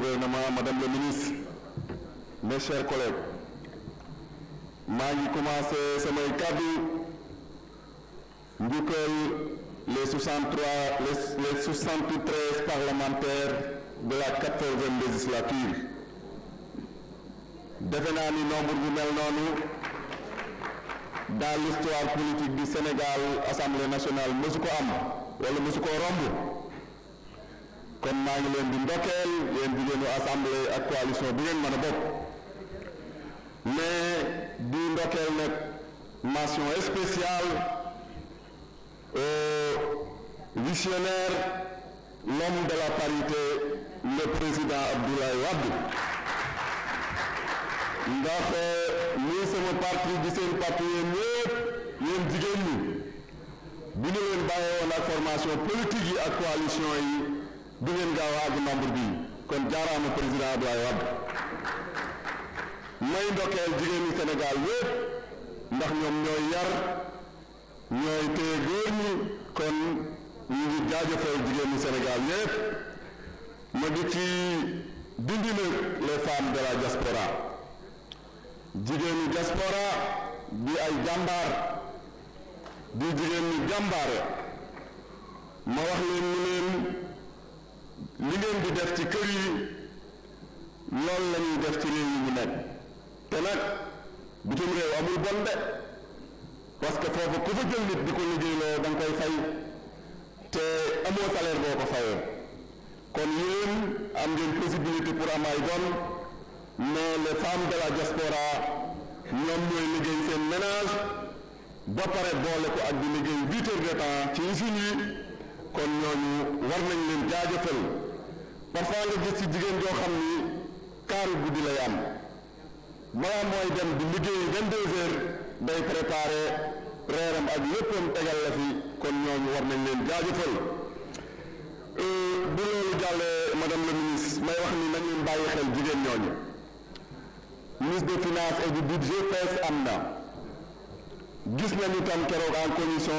Madame la ministre, mes chers collègues, je vais commencer samay kàddu les 63 les 73 parlementaires de la 14e législature Devenant nombre dans l'histoire politique du Sénégal Assemblée nationale le am comme maa Bindokel, leen di ndokkeel yéen assemblée ak coalition de ngeen mais di ndokkeel mention spéciale visionnaire l'homme de la parité le président Abdoulaye Wade ndax nii sama parti di seen parti yéen ñëpp yéen jigéen ñi bu ñu leen formation politique yi la coalition dingeen ngeen gaaw a àgg bii kon jaaraama président Abdoulaye Wade may ndokkeel jigéen ñi Sénégal yépp ndax ñoom ñooy yar ñooy téye góor ñi kon ñu ngi jaajëfal jigéen ñi Sénégal yépp ma di ci dindi nag les femmes de la diaspora ñi diaspora di ay jàmbaar di jigéen ñi ma wax leen ñu leen li ngeen di def ci kër yi loolu la ñuy def ci réew yi mu nekk te nag bitim réew amul bon de parce que foofu ku fa jël nit di ko liggéey da nga koy fay te amoo salaire boo ko fayee kon yéen am ngeen possibilité pour am ay bon mais les de la diaspora ñoom ñooy liggéey seen ménage ba pare boole ko ak di liggéey huit heures de temps ci usine yi kon ñooñu war nañ leen jaajëfal parfois nga gis ci jigéen joo xam ni kaaru guddi la yam balaa mooy dem di liggéey vingt deux heures day préparé reeram ak léppam tegal la fi kon ñoom war nañ leen jaajëfal bu loolu jàllee madame la ministre may wax ni nañ leen bàyyi xel jigéen ñooñu ministre des finances et du budget am na gis nañu tam keroog en commission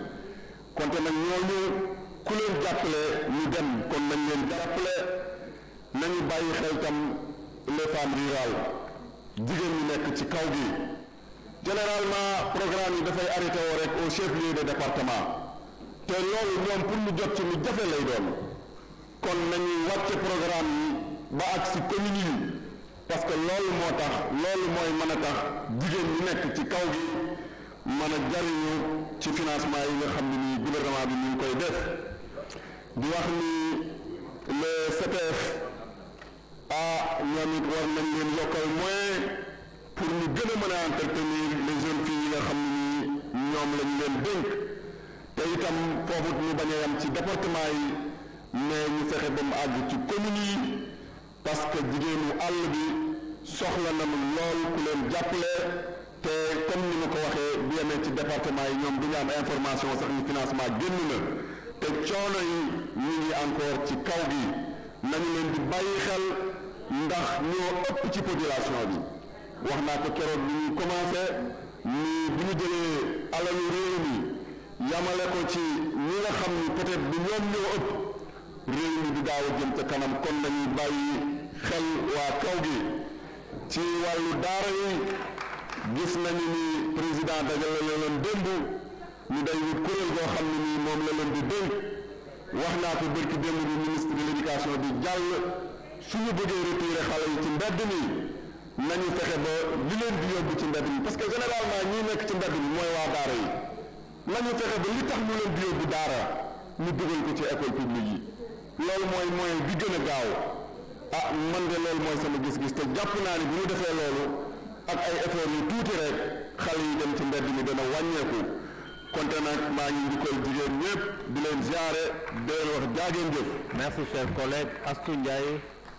konte nañ ñooñu ku leen jàppale ñu dem kon nañ leen jàppale nañu bàyyi xel tam les femmes rurales jigéen ñu nekk ci kaw gi généralement programme yi dafay arrêté rek au chef lieu de département te loolu ñoom pour ñu jot ci lu jafe lay doon kon nañu wàcce programme yi ba ak si commune yi parce que loolu moo tax loolu mooy mën jigéen ñi nekk ci kaw gi mën a jariñu ci financement yi nga xam ne nii gouvernement bi ñu koy def di wax ni le CPF ah ñoom it war nañ leen yokkal mooy pour ñu gën a mën a entretenir les jeunes filles yi nga xam ne ñoom lañ leen dénk te itam foofu ñu bañ a yam ci département yi mais ñu fexe ba mu àgg ci communes yi parce que jigéenu àll bi soxla nañu lool ku leen jàppale. te comme ni ma ko waxee bu yemee ci département yi ñoom du ñu am information sax ni financement génn na te coono yi ñu ngi encore ci kaw gi nañu leen di bàyyi xel ndax ñoo ëpp ci population bi wax naa ko keroog bi ñu ñu jëlee alalu mi yamale ko ci ñi nga xam ni peut-être du ëpp réew mi di daaw a jëm ca kanam kon nañuy bàyyi xel waa kaw gi ci wàllu daara yi gis nañu ni président dajal la leen démb ñu day wut kuréel goo xam ne nii moom la leen di dénk wax naa ko bërki démb bi ministre de l'éducation bi jàll suñu bëggee retirer xale yi ci mbedd mi nañu fexe ba li leen di yóbbu ci mbedd mi parce que généralement ñi nekk ci mbedd mi mooy waa daara yi nañu fexe ba li tax ñu leen di yóbbu daara ñu dugal ko ci école publique yi loolu mooy moyen bi gën a gaaw ah man de loolu mooy sama gis-gis te jàpp naa ni bu ñu defee loolu ak ay effort yu tuuti rek xale yi dem ci mbedd mi dana wàññeeku konte nag maa ngi njukkal jigéen ñëpp di leen ziare di leen wax jaageen jëf merci cher collègue Astou Ndiaye